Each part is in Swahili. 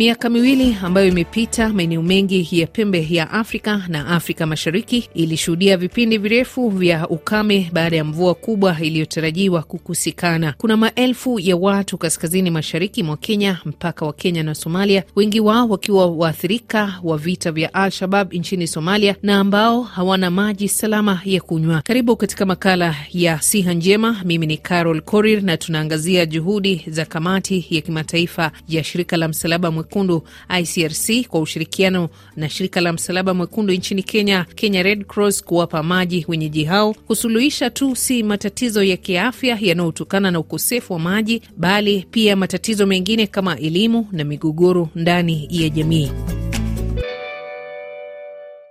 Miaka miwili ambayo imepita, maeneo mengi ya pembe ya Afrika na Afrika Mashariki ilishuhudia vipindi virefu vya ukame baada ya mvua kubwa iliyotarajiwa kukusikana. Kuna maelfu ya watu kaskazini mashariki mwa Kenya, mpaka wa Kenya na Somalia, wengi wao wakiwa waathirika wa vita vya Al-Shabab nchini Somalia na ambao hawana maji salama ya kunywa. Karibu katika makala ya Siha Njema. Mimi ni Carol Korir na tunaangazia juhudi za kamati ya kimataifa ya shirika la Msalaba Mwekundu ICRC kwa ushirikiano na shirika la Msalaba Mwekundu nchini Kenya, Kenya Red Cross, kuwapa maji wenyeji hao kusuluhisha tu si matatizo ya kiafya yanayotokana na ukosefu wa maji, bali pia matatizo mengine kama elimu na migogoro ndani ya jamii.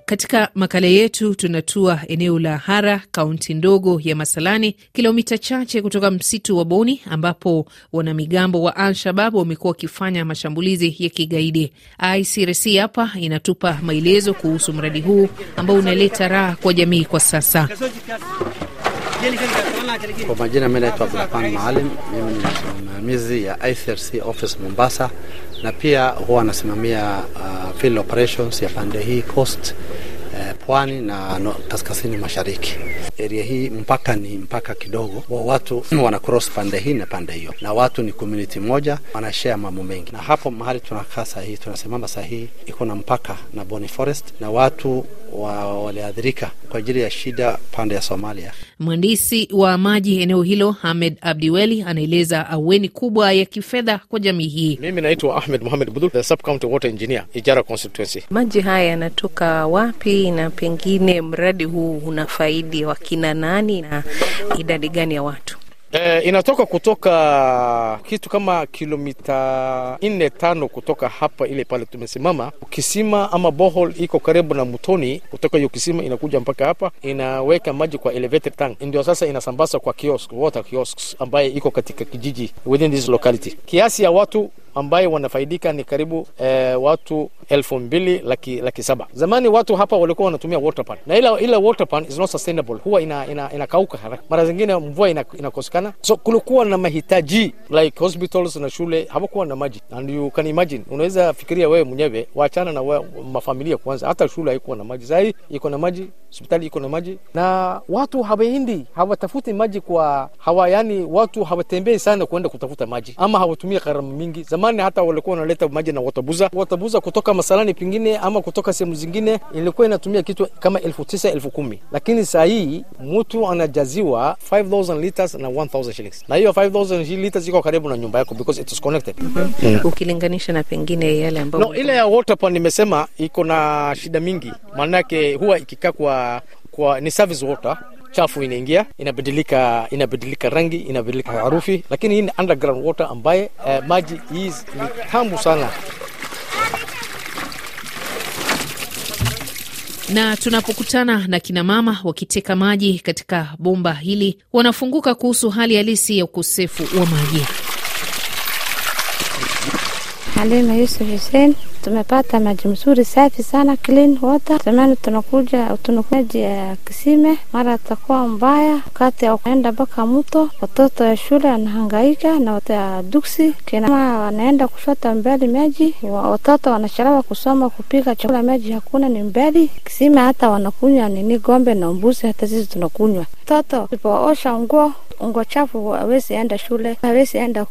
Katika makala yetu tunatua eneo la Hara, kaunti ndogo ya Masalani, kilomita chache kutoka msitu wa Boni, ambapo wanamigambo wa Al-Shabab wamekuwa wakifanya mashambulizi ya kigaidi. ICRC hapa inatupa maelezo kuhusu mradi huu ambao unaleta raha kwa jamii kwa sasa. Kwa majina, mi naitwa Abdurahman Maalim, mimi ni msimamizi ya ICRC office Mombasa na pia huwa anasimamia uh, field operations ya pande hii coast uh, pwani na no, kaskazini mashariki. Area hii mpaka ni mpaka kidogo, watu wana cross pande hii na pande hiyo, na watu ni community moja, wanashare mambo mengi, na hapo mahali tunakaa saa hii tunasimama saa hii iko na mpaka na Boni Forest, na watu waliathirika kwa ajili ya shida pande ya Somalia. Mhandisi wa maji eneo hilo Ahmed Abdiweli anaeleza aweni kubwa ya kifedha kwa jamii hii. Mimi naitwa Ahmed Muhamed Budul, the sub county water engineer, Ijara constituency. Maji haya yanatoka wapi, na pengine mradi huu unafaidi wakina nani na idadi gani ya watu? E, inatoka kutoka kitu kama kilomita nne tano kutoka hapa ile pale tumesimama. Kisima ama bohol iko karibu na mtoni, kutoka hiyo kisima inakuja mpaka hapa, inaweka maji kwa elevated tank, ndio sasa inasambaza kwa kiosk, water kiosks ambaye iko katika kijiji within this locality. Kiasi ya watu ambayo wanafaidika ni karibu e, watu elfu mbili laki, laki saba. Zamani watu hapa walikuwa wanatumia water pan na ila, ila water pan is not sustainable, huwa inakauka ina, ina haraka, mara zingine mvua inakosekana ina, so kulikuwa na mahitaji like hospitals na shule hawakuwa na maji, and you can imagine, unaweza fikiria wewe mwenyewe, waachana na we, mafamilia kwanza, hata shule haikuwa na maji, sahii iko na maji, hospitali iko na maji, na watu hawaendi hawatafuti maji kwa hawa, yani watu hawatembei sana kuenda kutafuta maji ama hawatumia gharama mingi zamani hata walikuwa wanaleta maji na watabuza watabuza kutoka masalani pingine ama kutoka sehemu zingine, ilikuwa inatumia kitu kama elfu tisa elfu kumi lakini saa hii mtu anajaziwa 5000 liters na 1000 shillings, na hiyo 5000 liters iko karibu na nyumba yako because it is connected. mm -hmm. yeah. Ukilinganisha na pengine yale ambayo no, ile ya water pump nimesema iko na shida mingi, maanake huwa ikikaa kwa, kwa ni service water chafu inaingia inabadilika, inabadilika rangi, inabadilika harufi, lakini hii ni underground water ambaye eh, maji hii ni tambu sana. na tunapokutana na kinamama wakiteka maji katika bomba hili, wanafunguka kuhusu hali halisi ya ukosefu wa maji. Yusuf Tumepata maji mzuri safi sana, clean water. Zamani tunakuja tunakuja ya kisime, mara atakuwa mbaya, wakati ya kuenda mpaka mto. Watoto ya shule anahangaika na watoto ya duksi, kina mama wanaenda kushota mbali maji, watoto wanachelewa kusoma, kupika chakula, maji hakuna, ni mbali kisime. Hata wanakunywa nini, gombe na mbuzi, hata sisi tunakunywa. Watoto tupoosha nguo nguo chafu hawezi enda shule, hawezi enda.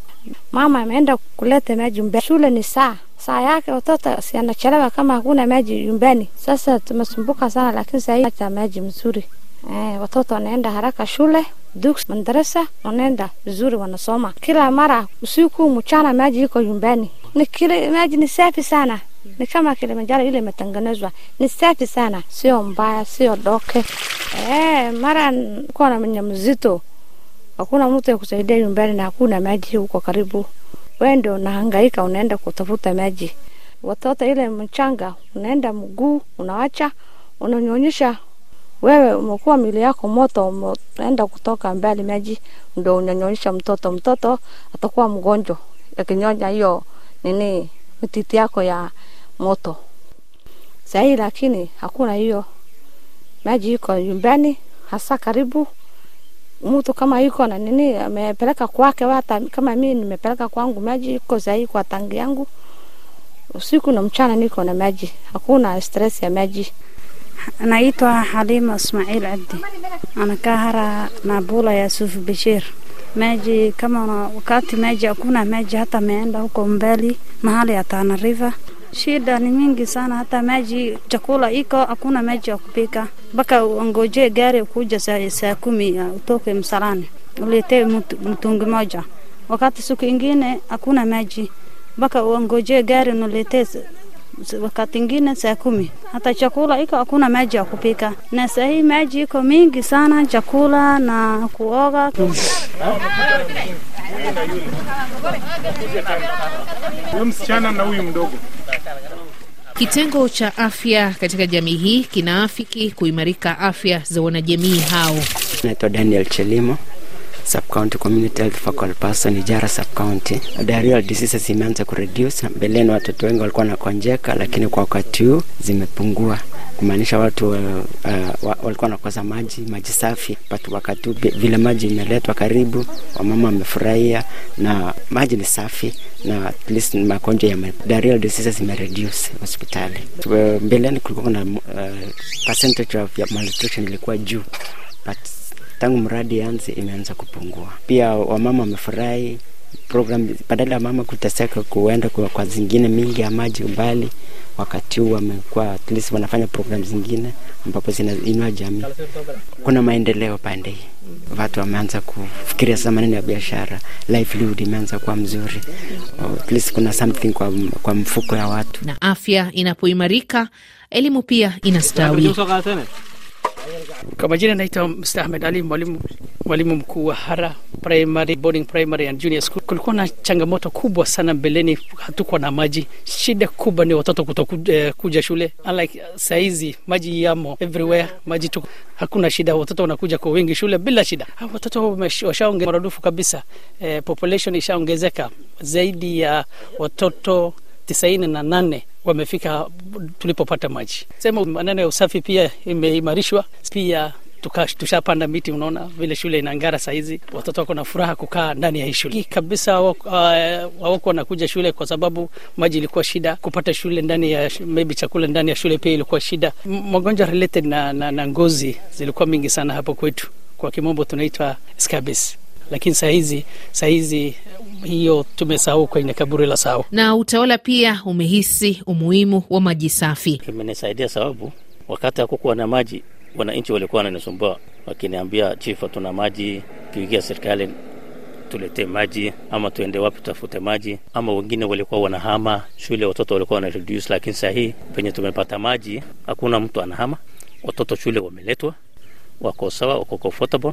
Mama ameenda kuleta maji mbele, shule ni saa saa yake watoto si anachelewa kama hakuna maji nyumbani. Sasa tumesumbuka sana, lakini sahii hii maji mzuri eh, watoto wanaenda haraka shule duks madarasa, wanaenda vizuri, wanasoma kila mara, usiku mchana, maji iko nyumbani. Ni kile maji ni safi sana, ni kama Kilimanjaro ile imetengenezwa, ni safi sana, sio mbaya, sio doke. Eh, mara kuwa na mwenye mzito, hakuna mtu ya kusaidia nyumbani na hakuna maji huko karibu wendo ndio unahangaika, unaenda kutafuta maji, watoto ile mchanga unaenda mguu unawacha, unanyonyesha wewe umekuwa mili yako moto, unaenda kutoka mbali maji ndo unanyonyesha mtoto. Mtoto atakuwa mgonjwa akinyonya hiyo nini mititi yako ya moto sahii, lakini hakuna hiyo maji, iko nyumbani hasa karibu mtu kama yuko na nini amepeleka kwake, hata kama mimi nimepeleka kwangu, maji iko sahihi kwa tangi yangu. Usiku na mchana niko na maji, hakuna stress ya maji. Naitwa Halima Ismail Abdi, anakaa hara ya Yusuf Bashir. Maji kama wakati maji hakuna maji, hata meenda huko mbali mahali ya Tana River Shida ni mingi sana, hata maji chakula iko hakuna, maji ya kupika, mpaka ungojee gari kuja saa, saa kumi utoke msalani uletee mtungi moja, wakati siku ingine hakuna maji, mpaka uongojee gari unaletee wakati ingine saa kumi. Hata chakula iko hakuna maji ya kupika, na saa hii maji iko mingi sana, chakula na kuoga huyu msichana na huyu mdogo Kitengo cha afya katika jamii hii kinaafiki kuimarika afya za wanajamii hao. Naitwa Daniel Chelimo, Subcounty Community Health Focal Person, Ijara Subcounty. Diarrheal diseases imeanza kureduce. Mbeleni watoto wengi walikuwa wanakonjeka, lakini kwa wakati huu zimepungua kumaanisha watu uh, uh, walikuwa wanakosa maji, maji safi patu. Wakati vile maji imeletwa karibu, wamama wamefurahia na maji ni safi, na at least magonjwa ya diarrheal diseases imereduce hospitali. Uh, mbeleni kulikuwa na uh, percentage of ya malnutrition ilikuwa juu but tangu mradi anze imeanza kupungua. Pia wamama wamefurahi program, badala ya mama kuteseka kuenda kwa, kwa zingine mingi ya maji mbali wakati huu wamekuwa at least wanafanya programu zingine ambapo zinainua jamii. Kuna maendeleo pande hii, watu wameanza kufikiria sasa maneno ya biashara, livelihood imeanza kuwa mzuri, oh, at least kuna something kwa, kwa mfuko ya watu. Na afya inapoimarika, elimu pia inastawi. Kwa majina naitwa Msta Ahmed Ali, mwalimu mwalimu mkuu wa Hara primary boarding primary and junior school, kulikuwa na changamoto kubwa sana mbeleni, hatukuwa na maji. Shida kubwa ni watoto kutokuja eh, shule, unlike uh, saizi maji yamo everywhere, maji tuko hakuna shida, watoto wanakuja kwa wingi shule bila shida. Ha, ah, watoto washaonge maradufu kabisa. eh, population ishaongezeka zaidi ya watoto tisaini na nane wamefika tulipopata maji. Sema maneno ya usafi pia imeimarishwa pia tushapanda miti, unaona vile shule inangara sahizi, watoto wako na furaha kukaa ndani ya hii shule kabisa. uh, wanakuja shule kwa sababu maji ilikuwa shida kupata shule ndani ya maybe, chakula ndani ya shule pia ilikuwa shida. Magonjwa related na, na, na ngozi zilikuwa mingi sana hapo kwetu, kwa kimombo tunaitwa scabies lakini sahizi sahizi hiyo tumesahau kwenye kaburi la sahau. Na utawala pia umehisi umuhimu wa maji safi. Imenisaidia sababu wakati akukuwa na maji wananchi walikuwa wananisumbua wakiniambia, chifa tuna maji, pigia serikali tuletee maji ama tuende wapi tutafute maji, ama wengine walikuwa wanahama shule, watoto walikuwa wana reduce. Lakini saa penye tumepata maji, hakuna mtu anahama, watoto shule wameletwa, wako sawa, wako comfortable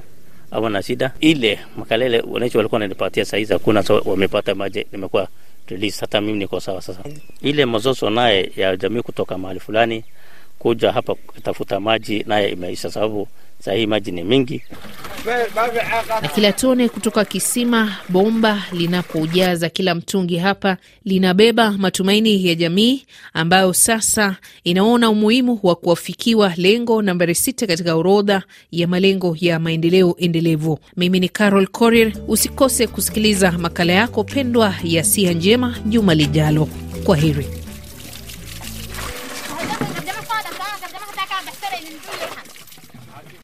ama na shida. Ile makalele wananchi walikuwa wananipatia sahizi hakuna, so wamepata maji, nimekuwa release, hata mimi niko sawa sasa. Ile mazozo naye ya jamii kutoka mahali fulani kuja hapa kutafuta maji naye imeisha, sababu saa hii maji ni mingi. Na kila tone kutoka kisima bomba linapojaza kila mtungi hapa linabeba matumaini ya jamii ambayo sasa inaona umuhimu wa kuwafikiwa lengo nambari sita katika orodha ya malengo ya maendeleo endelevu. Mimi ni Carol Korir, usikose kusikiliza makala yako pendwa ya sia Njema juma lijalo. Kwa heri.